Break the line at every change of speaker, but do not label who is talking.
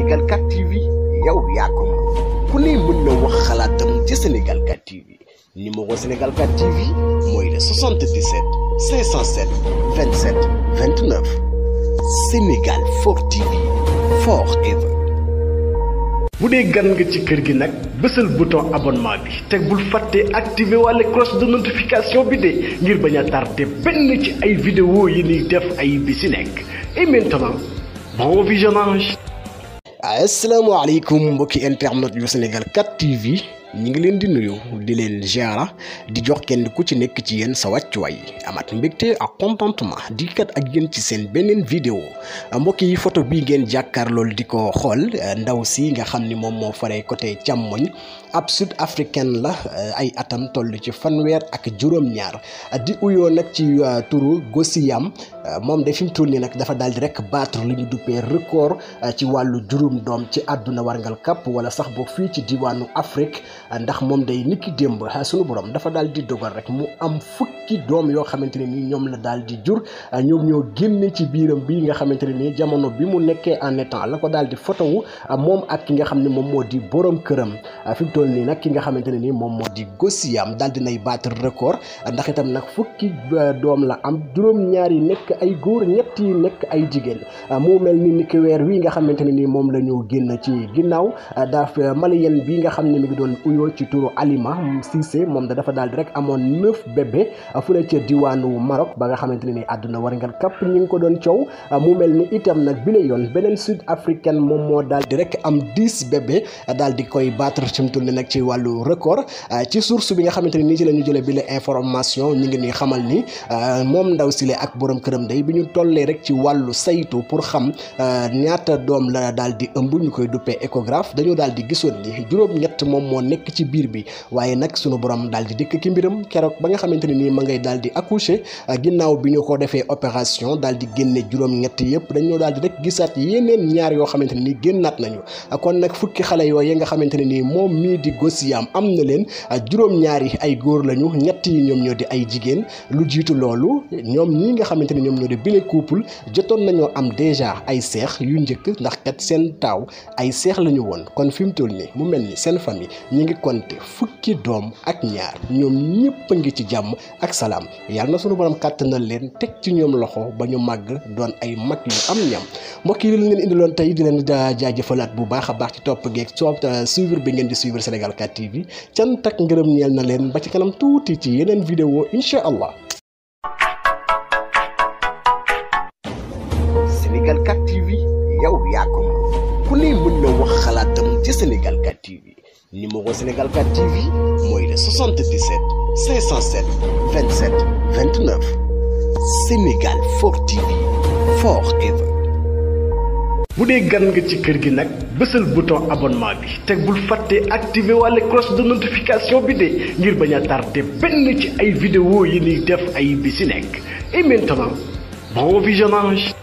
Sénégal 4 TV yow yakum. ko ku mën na wax xalaatam ci Sénégal 4 TV numéro Sénégal 4 TV moy le 77 507 27 29 Sénégal 4 TV forever. Vous dee gan nga ci kër gi nag le bouton abonnement bi teg bul fàttee la cloche de notification bi ne ngir bañ a tardé benn ci ay vidéo yi et maintenant bon visionnage asalaamaaleykum mbokki internet yu Sénégal 4 TV ñi ngi leen di nuyu di leen ziara di jox kenn ku ci nekk ci yéen sa wàccuwaay amaat mbégte ak contentement di kat ak yéen ci seen beneen vidéo mbokk yi photo bii ngeen jàkkaar loolu di ko xool ndaw si nga xam ni moom moo faree côté càmmoñ ab sud africaine la euh, ay atam toll ci fanweer ak juróom-ñaar di uyoo nag ci euh, turu Gosiyam euh, moom de fi mu toll nii nag dafa daal di rek battre lu ñu duppee record ci wàllu juróom doom ci àdduna warngal kàpp wala sax boog fii ci diwaanu Afrique ndax moom de nikki démb sunu borom dafa daal di dogal rek mu am fukki doom yoo xamante ne nii ñoom la daal di jur ñoom ñoo génne ci biiram bii nga xamante ne nii jamono bi mu nekkee en état la ko daal di photo moom ak ki nga xam ne moom moo di borom këram toll nii nag ki nga xamante ne nii moom moo di Gosiyam daal di nay battre record ndax itam nag fukki euh, doom la am juróom-ñaar yi nekk ay góor ñett nekk ay jigéen mu mel ni niki weer wi nga xamante ne nii moom la ñu génn ci ginnaaw euh, daaf euh, malien bi nga xam ne mi ngi doon uyoo ci turu Alima Cissé moom da dafa daal di rek amoon neuf bébé fu la ca diwaanu Maroc ba nga xamante ne nii àdduna warngal kapp ñi ngi ko doon coow mu mel nag bi yoon beneen sud africaine moom moo daal di rek am dix bébé daal di koy battre ci mu jëmale nag ci wàllu record euh, ci source bi nga xamante ni nii ci la ñu jëlee bi la information ñu ngi ñuy xamal ni euh, moom ndaw sile ak borom këram day bi ñu tollee rek ci wàllu saytu pour xam euh, ñaata doom la daal di ëmb ñu koy duppee échographe dañoo daal di gisoon ni juróom-ñett moom moo nekk ci biir bi waaye nag sunu borom daal di dikk ki mbiram keroog ba nga xamante ne nii ma ngay daal di accoucher ginnaaw bi ñu ko defee opération daal di génne juróom-ñett yëpp dañoo daal di rek gisaat yeneen ñaar yoo xamante ne nii génnaat nañu di gos yaam am na leen juróom-ñaari ay góor lañu ñett yi ñoom ñoo di ay jigéen lu jiitu loolu ñoom ñi nga xamante ni ñoom ñoo di bile couple jotoon nañoo am déjà ay seex yu njëkk ndax kat seen taaw ay seex lañu ñu woon kon fi mu toll nii mu mel ni seen famille ñu ngi compter fukki doom ak ñaar ñoom ñëpp a ngi ci jàmm ak salaam yàlla na sunu borom kàttanal leen teg ci ñoom loxo ba ñu màgg doon ay mag yu am ñam. mbokk yi li indiloon tey di leen jaajëfalaat bu baax a baax ci topp geeg soo suivre bi ngeen di suivre Sénégal 4 TV cant ak ngërëm ñeel na leen ba ci kanam tuuti ci yeneen vidéo incha allah. Sénégal 4 TV yow yaa ko ku ne mën na wax xalaatam ci Sénégal 4 TV numéro Sénégal 4 TV mooy le 77 507 TV bu dee gan nga ci kër gi nag bésal bouton abonnement bi teg bul fàtte activé walla cloche de notification bi de ngir bañ a tardé benn ci ay vidéo yi ni def ay bi ci nekk et maintenant bon visionnage